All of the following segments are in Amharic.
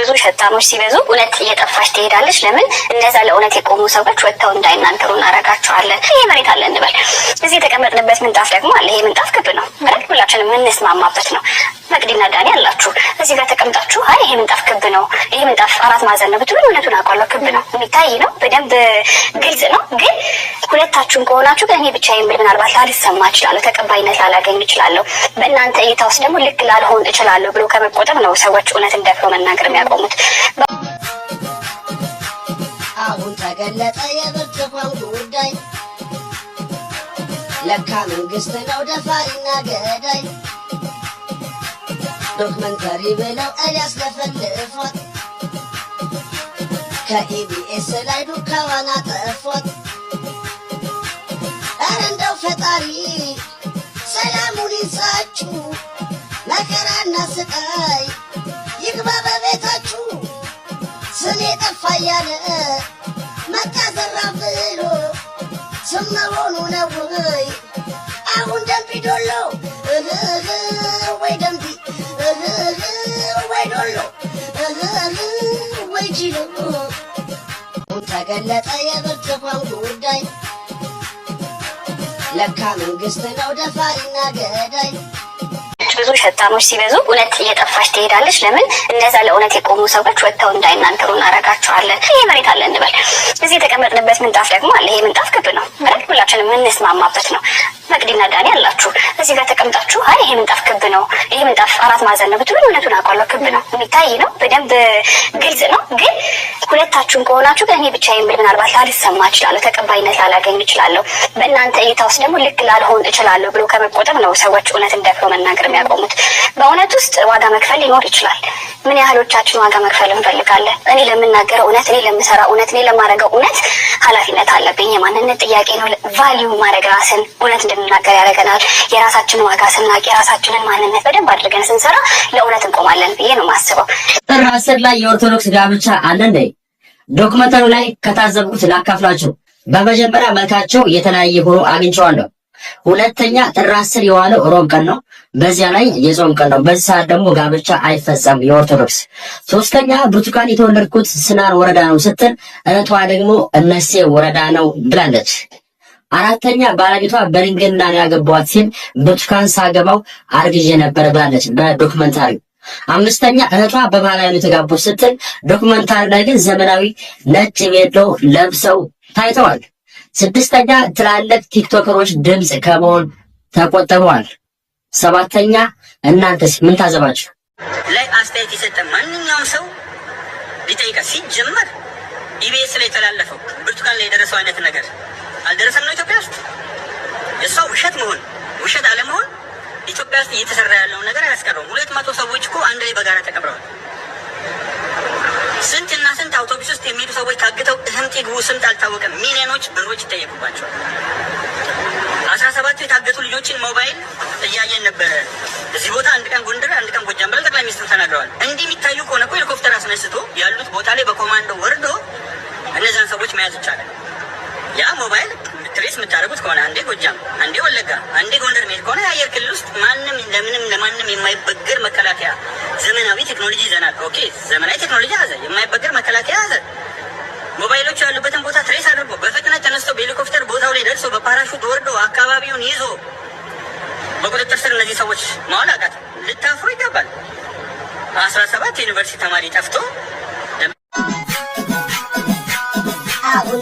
ብዙ ሸታሞች ሲበዙ እውነት እየጠፋች ትሄዳለች። ለምን እነዛ ለእውነት የቆሙ ሰዎች ወጥተው እንዳይናገሩ እናደርጋቸዋለን። ይሄ መሬት አለ እንበል። እዚህ የተቀመጥንበት ምንጣፍ ደግሞ አለ። ይሄ ምንጣፍ ክብ ነው፣ ሁላችን የምንስማማበት ነው። መቅዲና ዳኒ አላችሁ እዚህ ጋር ተቀምጣችሁ፣ አይ ይሄ ምንጣፍ ክብ ነው፣ ይሄ ምንጣፍ አራት ማዕዘን ነው ብትሉ እውነቱን አውቃለሁ። ክብ ነው፣ የሚታይ ነው፣ በደንብ ግልጽ ነው። ግን ሁለታችሁም ከሆናችሁ ከእኔ ብቻ የምል ምናልባት ላልሰማ እችላለሁ፣ ተቀባይነት ላላገኝ እችላለሁ፣ በእናንተ እይታ ውስጥ ደግሞ ልክ ላልሆን እችላለሁ ብሎ ከመቆጠብ ነው ሰዎች እውነት እንዳይሆን መናገር የሚያቆሙት። አሁን ተገለጠ የብርቱካን ጉዳይ ለካ መንግስት ነው ደፋሪና ገዳይ። አለሁ መንገሪ ብለው ኤልያስ ለፈልፎት ከኢቢኤስ ላይ ዱካዋና አጠፎት። ኧረ እንደው ፈጣሪ ሰላሙን ይንሳችሁ፣ መከራና ስቃይ ይግባ በቤታችሁ። ስሜ ጠፋ እያለ መቃ ዘራ ብሎ ስም ነው ወይ? አሁን ደምቢ ዶሎ ወይ ደምቢ ወይ ዶሎ ወይ ጅሎ ተገለጠ የብርት ጉዳይ ለካ መንግስት ነው ደፋሪና ገዳይ። ብዙ ሸጣኖች ሲበዙ እውነት እየጠፋች ትሄዳለች። ለምን እነዛ ለእውነት የቆሙ ሰዎች ወጥተው እንዳይናገሩ እናደርጋቸዋለን። ይሄ መሬት አለ እንበል፣ እዚህ የተቀመጥንበት ምንጣፍ ደግሞ አለ። ይሄ ምንጣፍ ክብ ነው፣ ሁላችን የምንስማማበት ነው። መቅዲና ዳኒ አላችሁ እዚህ ጋር ተቀምጣችሁ፣ አይ ይሄ ምንጣፍ ክብ ነው፣ ይሄ ምንጣፍ አራት ማዕዘን ነው ብትሉ እውነቱን አውቃለሁ። ክብ ነው፣ የሚታይ ነው፣ በደንብ ግልጽ ነው። ግን ሁለታችሁም ከሆናችሁ እኔ ብቻ የምል ምናልባት ላልሰማ እችላለሁ፣ ተቀባይነት ላላገኝ እችላለሁ፣ በእናንተ እይታ ውስጥ ደግሞ ልክ ላልሆን እችላለሁ ብሎ ከመቆጠብ ነው ሰዎች እውነትን ደፍረው መናገር የሚያቆሙት። በእውነት ውስጥ ዋጋ መክፈል ሊኖር ይችላል። ምን ያህሎቻችን ዋጋ መክፈል እንፈልጋለን? እኔ ለምናገረው እውነት፣ እኔ ለምሰራ እውነት፣ እኔ ለማረገው እውነት ኃላፊነት አለብኝ። የማንነት ጥያቄ ነው። ቫሊዩ ማድረግ ራስን እውነት እንድንናገር ያደረገናል። የራሳችን ዋጋ ስናቅ፣ የራሳችንን ማንነት በደንብ አድርገን ስንሰራ ለእውነት እንቆማለን ብዬ ነው የማስበው። ጥር አስር ላይ የኦርቶዶክስ ጋብቻ አለ እንዴ? ዶክመንተሩ ላይ ከታዘብኩት ላካፍላችሁ። በመጀመሪያ መልካቸው የተለያየ ሆኖ አግኝቼዋለሁ። ሁለተኛ ጥር አስር የዋለው ሮብ ቀን ነው። በዚያ ላይ የጾም ቀን ነው። በዚህ ሰዓት ደግሞ ጋብቻ አይፈጸም የኦርቶዶክስ። ሶስተኛ ብርቱካን የተወለድኩት ስናን ወረዳ ነው ስትል እህቷ ደግሞ እነሴ ወረዳ ነው ብላለች። አራተኛ ባለቤቷ በድንግልና ነው ያገባኋት ሲል ብርቱካን ሳገባው አርግዤ ነበር ብላለች በዶክመንታሪ። አምስተኛ እህቷ በባህላዊ ነው የተጋቡት ስትል ዶክመንታሪ ላይ ግን ዘመናዊ ነጭ ቤሎ ለብሰው ታይተዋል። ስድስተኛ ትላልቅ ቲክቶከሮች ድምፅ ከመሆን ተቆጥበዋል። ሰባተኛ እናንተስ ምን ታዘባችሁ? ላይ አስተያየት የሰጠ ማንኛውም ሰው ሊጠይቀ ሲጀመር ኢቢኤስ ላይ የተላለፈው ብርቱካን ላይ የደረሰው አይነት ነገር አልደረሰም ነው ኢትዮጵያ ውስጥ። እሷ ውሸት መሆን ውሸት አለመሆን ኢትዮጵያ ውስጥ እየተሰራ ያለውን ነገር አያስቀረውም። ሁለት መቶ ሰዎች እኮ አንድ ላይ በጋራ ተቀብረዋል። ስንት እና ስንት አውቶቡስ ውስጥ የሚሄዱ ሰዎች ታግተው ስንት ይግቡ ስንት አልታወቀም። ሚሊዮኖች ብሮች ይጠየቁባቸዋል። አስራ ሰባቱ የታገቱ ልጆችን ሞባይል እያየን ነበረ። እዚህ ቦታ አንድ ቀን ጎንደር፣ አንድ ቀን ጎጃም ብለው ጠቅላይ ሚኒስትር ተናግረዋል። እንዲህ የሚታዩ ከሆነ እኮ ሄሊኮፕተር አስነስቶ ያሉት ቦታ ላይ በኮማንዶ ወርዶ እነዚያን ሰዎች መያዝ ይቻላል። ያ ሞባይል ትሬስ የምታደርጉት ከሆነ አንዴ ጎጃም፣ አንዴ ወለጋ፣ አንዴ ጎንደር መሄድ ከሆነ የአየር ክልል ውስጥ ማንም ለምንም ለማንም የማይበገር መከላከያ ዘመናዊ ቴክኖሎጂ ይዘናል። ኦኬ ዘመናዊ ቴክኖሎጂ ያዘ፣ የማይበገር መከላከያ ያዘ። ሞባይሎቹ ያሉበትን ቦታ ትሬስ አድርጎ በፍጥነት ተነስቶ በሄሊኮፕተር ቦታው ላይ ደርሶ በፓራሹት ወርዶ አካባቢውን ይዞ በቁጥጥር ስር እነዚህ ሰዎች ማዋል አቃት። ልታፍሩ ይገባል። አስራ ሰባት ዩኒቨርሲቲ ተማሪ ጠፍቶ አሁን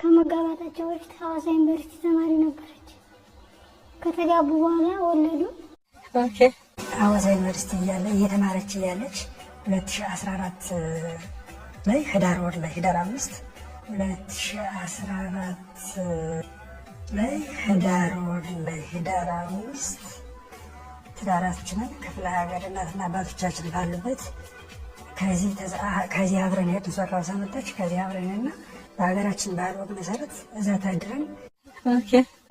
ከመጋባታቸው በፊት ሀዋሳ ዩኒቨርሲቲ ተማሪ ነበረች። ከተጋቡ በኋላ ወለዱ። ሐዋሳ ዩኒቨርሲቲ እያለ እየተማረች እያለች 2014 ላይ ህዳር ወር ላይ ህዳር አምስት 2014 ላይ ህዳር ወር ላይ ህዳር አምስት ትዳራችንን ክፍለ ሀገር እናትና አባቶቻችን ባሉበት ከዚህ አብረን የቱ ሰራው ሰመጠች ከዚህ አብረን እና በሀገራችን ባህል ወግ መሰረት እዛ ታድረን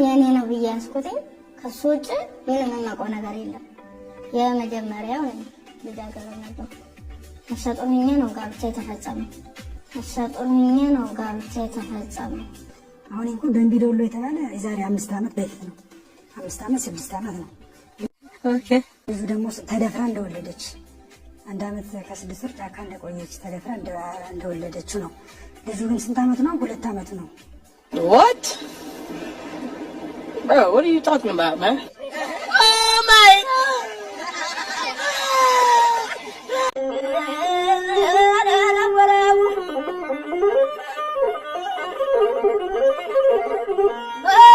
የኔ ነው ብዬ ያስኩትኝ ከሱ ውጭ ምንም የማውቀው ነገር የለም። የመጀመሪያው ልጃገረድ ነበር። ነፍሰ ነው ጋብቻ የተፈጸመው። ነፍሰ ጡር ሆኜ ነው ጋብቻ የተፈጸመ አሁን እንኳ ደንቢ ዶሎ የተባለ የዛሬ አምስት ዓመት በፊት ነው። አምስት ዓመት ስድስት ዓመት ነው እዚ ደግሞ ተደፍራ እንደወለደች አንድ ዓመት ከስድስት ወር ጫካ እንደቆየች ተደፍራ እንደወለደችው ነው። ልጁ ግን ስንት ዓመት ነው? ሁለት ዓመት ነው። ወት Oh!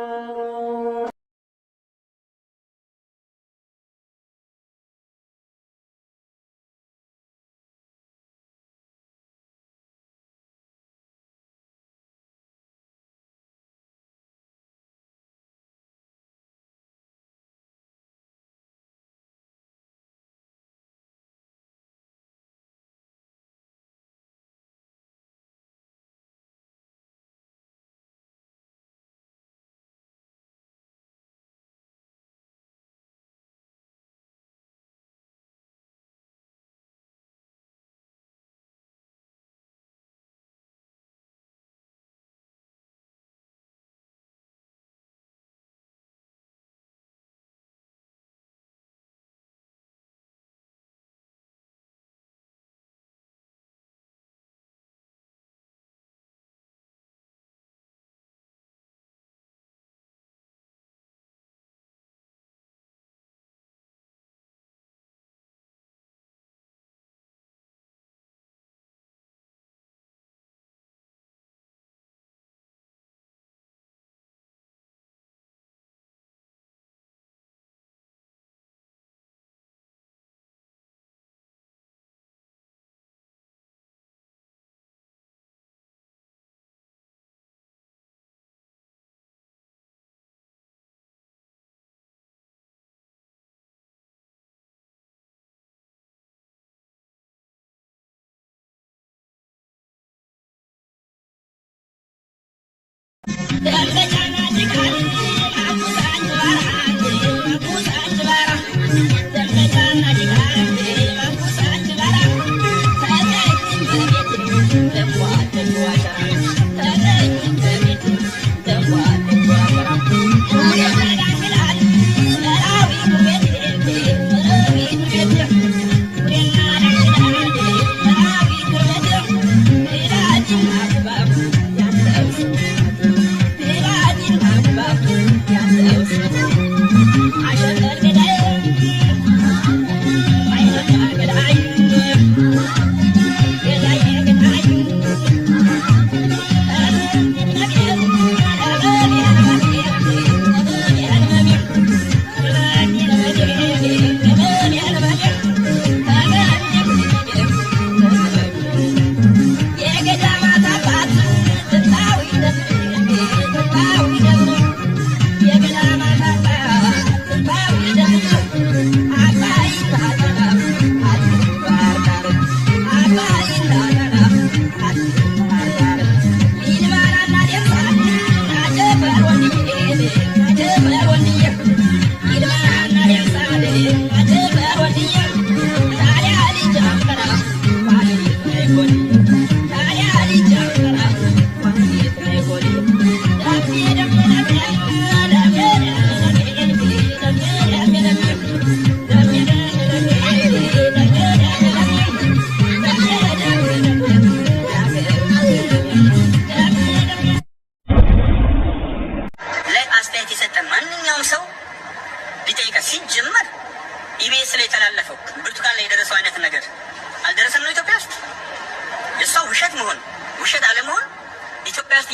ते잖아 जी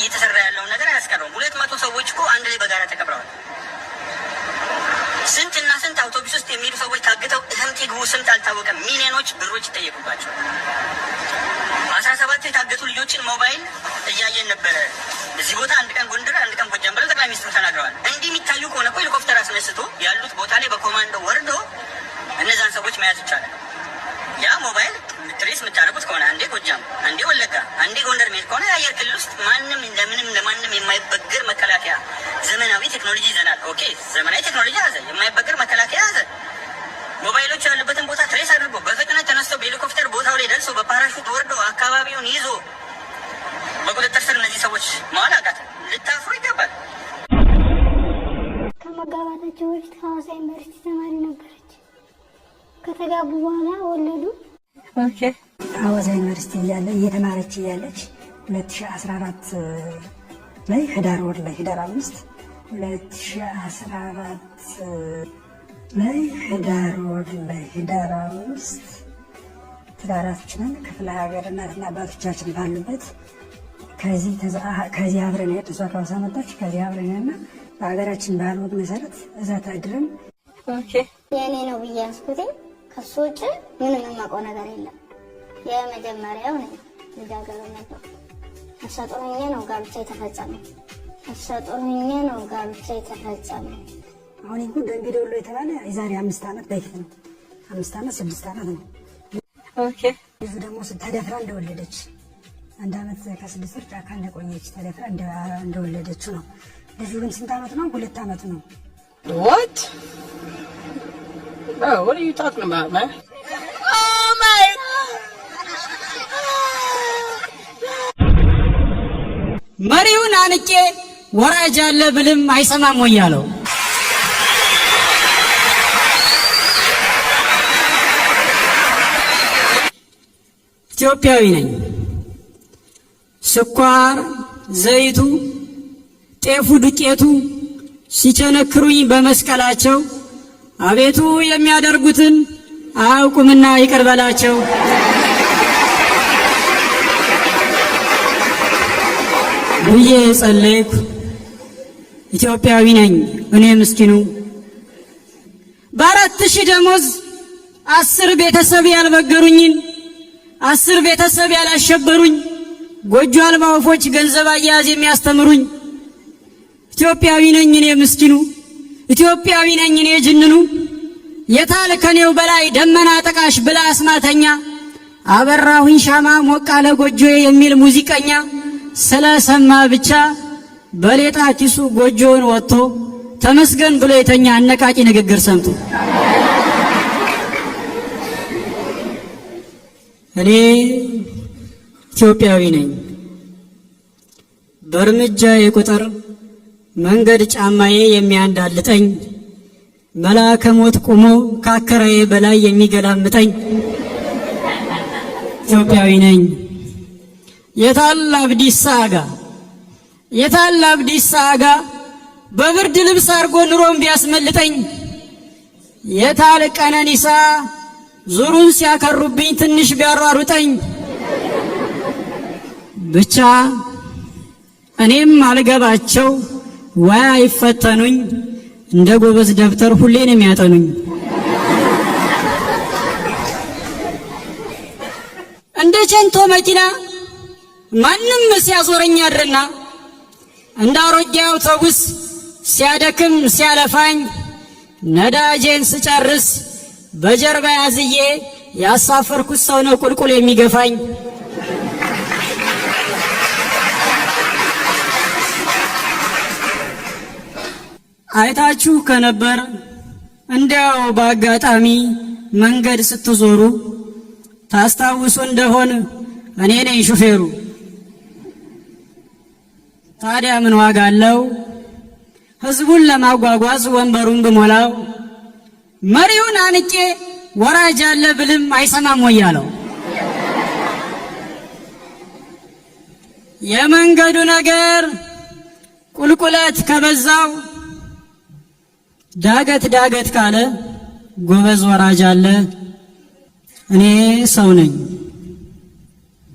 እየተሰራ ያለውን ነገር አያስቀረውም። ሁለት መቶ ሰዎች እኮ አንድ ላይ በጋራ ተቀብረዋል። ስንት እና ስንት አውቶቡስ ውስጥ የሚሄዱ ሰዎች ታግተው እህምት ግቡ ስንት አልታወቀም። ሚሊዮኖች ብሮች ይጠየቁባቸዋል። አስራ ሰባት የታገቱ ልጆችን ሞባይል እያየን ነበረ። እዚህ ቦታ አንድ ቀን ጎንደር፣ አንድ ቀን ጎጃም ብለው ጠቅላይ ሚኒስትሩ ተናግረዋል። እንዲህ የሚታዩ ከሆነ እኮ ሄሊኮፕተር አስነስቶ ያሉት ቦታ ላይ በኮማንዶ ወርዶ እነዛን ሰዎች መያዝ ይቻላል። ያ ሞባይል ሰርቪስ የምታደርጉት ከሆነ አንዴ ጎጃም፣ አንዴ ወለጋ፣ አንዴ ጎንደር ሜድ ከሆነ የአየር ክልል ውስጥ ማንም ለምንም ለማንም የማይበገር መከላከያ ዘመናዊ ቴክኖሎጂ ይዘናል። ኦኬ ዘመናዊ ቴክኖሎጂ ያዘ፣ የማይበገር መከላከያ ያዘ። ሞባይሎች ያሉበትን ቦታ ትሬስ አድርጎ በፍጥነት ተነስቶ በሄሊኮፕተር ቦታው ላይ ደርሶ በፓራሹት ወርዶ አካባቢውን ይዞ በቁጥጥር ስር እነዚህ ሰዎች መዋል አቃት ልታፍሩ ይገባል። ከመጋባታቸው በፊት ሐዋሳ ዩኒቨርሲቲ ተማሪ ነበረች። ከተጋቡ በኋላ ወለዱ። ኦኬ አዋዛ ዩኒቨርሲቲ እያለ እየተማረች እያለች 2014 ላይ ህዳር ወር ላይ ህዳር አምስት 2014 ላይ ህዳር ወር ላይ ህዳር አምስት ትዳራችንን ክፍለ ሀገር እናትና አባቶቻችን ባሉበት ከዚህ አብረን የጥሷ ከውሳ መጣች። ከዚህ አብረን እና በሀገራችን ባህል ወግ መሰረት እዛ ታድረን የእኔ ነው ብዬ ያስኩት ከሱ ውጭ ምንም የማውቀው ነገር የለም። የመጀመሪያው ነኝ። ልጃገረድ ነው። ነፍሰ ጡር ሆኜ ነው ጋብቻ የተፈጸመው። ነፍሰ ጡር ሆኜ ነው ጋብቻ የተፈጸመው። አሁን ይህ ሁሉ ደውሎ ሁሉ የተባለ የዛሬ አምስት አመት በፊት ነው። አምስት አመት ስድስት አመት ነው። ኦኬ ብዙ ደግሞ ተደፍራ እንደወለደች አንድ አመት ከስድስት ወር ጫካ እንደቆየች ተደፍራ እንደወለደችው ነው። ልጁ ግን ስንት አመት ነው? ሁለት ዓመት ነው። oh, መሪውን አንቄ ወራጅ አለ ብልም አይሰማም ወይ አለው። ኢትዮጵያዊ ነኝ። ስኳር፣ ዘይቱ፣ ጤፉ፣ ዱቄቱ ሲቸነክሩኝ በመስቀላቸው አቤቱ የሚያደርጉትን አያውቁምና ይቅር በላቸው። ብዬ የጸለይኩ ኢትዮጵያዊ ነኝ እኔ ምስኪኑ። በአራት ሺህ ደሞዝ አስር ቤተሰብ ያልበገሩኝን አስር ቤተሰብ ያላሸበሩኝ ጎጆ አልባ ወፎች ገንዘብ አያያዝ የሚያስተምሩኝ ኢትዮጵያዊ ነኝ እኔ ምስኪኑ። ኢትዮጵያዊ ነኝ እኔ ጅንኑ። የታል ከኔው በላይ ደመና ጠቃሽ ብላ አስማተኛ አበራሁኝ ሻማ ሞቃለ ጎጆዬ የሚል ሙዚቀኛ ስለሰማ ብቻ በሌጣ ኪሱ ጎጆውን ወጥቶ ተመስገን ብሎ የተኛ አነቃቂ ንግግር ሰምቶ እኔ ኢትዮጵያዊ ነኝ። በእርምጃ የቁጥር መንገድ ጫማዬ የሚያንዳልጠኝ መልአከ ሞት ቆሞ ካከራዬ በላይ የሚገላምጠኝ ኢትዮጵያዊ ነኝ። የታል አብዲሳ አጋ? የታል አብዲሳ አጋ? በብርድ ልብስ አድርጎ ኑሮም ቢያስመልጠኝ የታል ቀነኒሳ ዙሩን ሲያከሩብኝ ትንሽ ቢያሯሩጠኝ ብቻ እኔም አልገባቸው ወይ አይፈተኑኝ እንደ ጎበዝ ደብተር ሁሌን የሚያጠኑኝ እንደ ቸንቶ መኪና ማንም ሲያዞረኝ አድርና እንደ አሮጌ አውቶቡስ ሲያደክም ሲያለፋኝ ነዳጄን ስጨርስ በጀርባ ያዝዬ ያሳፈርኩት ሰው ነው ቁልቁል የሚገፋኝ። አይታችሁ ከነበር እንዲያው በአጋጣሚ መንገድ ስትዞሩ ታስታውሱ እንደሆን እኔ ነኝ ሹፌሩ። ታዲያ ምን ዋጋ አለው? ህዝቡን ለማጓጓዝ ወንበሩን ብሞላው መሪውን አንቄ ወራጅ አለ ብልም አይሰማም ወይ አለው። የመንገዱ ነገር ቁልቁለት ከበዛው ዳገት ዳገት ካለ ጎበዝ ወራጅ አለ። እኔ ሰው ነኝ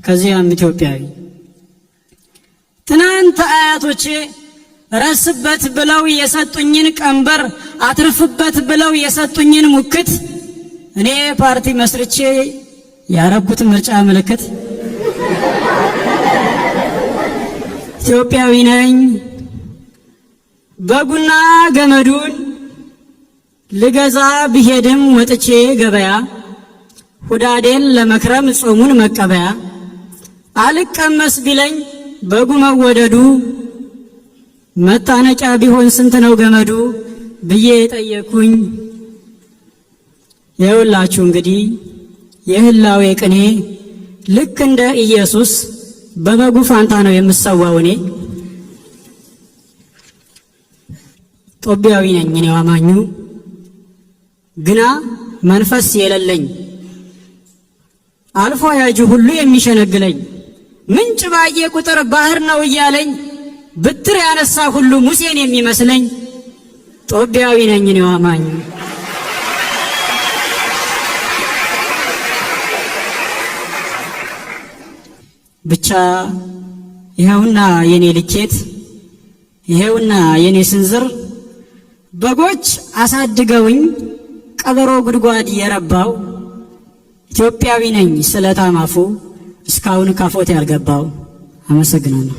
ከዚያም ኢትዮጵያዊ ትናንት አያቶቼ ረስበት ብለው የሰጡኝን ቀንበር አትርፍበት ብለው የሰጡኝን ሙክት እኔ ፓርቲ መስርቼ ያረኩት ምርጫ ምልክት ኢትዮጵያዊ ነኝ በጉና ገመዱን ልገዛ ብሄድም ወጥቼ ገበያ ሁዳዴን ለመክረም ጾሙን መቀበያ አልቀመስ ቢለኝ በጉ መወደዱ መጣነቂያ ቢሆን ስንት ነው ገመዱ ብዬ የጠየኩኝ የውላችሁ እንግዲህ የህላዌ ቅኔ ልክ እንደ ኢየሱስ በበጉ ፋንታ ነው የምሰዋው። እኔ ጦቢያዊ ነኝ፣ እኔ አማኙ ግና መንፈስ የለለኝ አልፎ ያጅ ሁሉ የሚሸነግለኝ ምንጭ ባየ ቁጥር ባህር ነው እያለኝ ብትር ያነሳ ሁሉ ሙሴን የሚመስለኝ ጦቢያዊ ነኝ ነው አማኝ ብቻ ይኸውና የኔ ልኬት ይኸውና የኔ ስንዝር በጎች አሳድገውኝ ቀበሮ ጉድጓድ የረባው ኢትዮጵያዊ ነኝ ስለታማፉ እስካሁን ካፎት ያልገባው አመሰግናለሁ።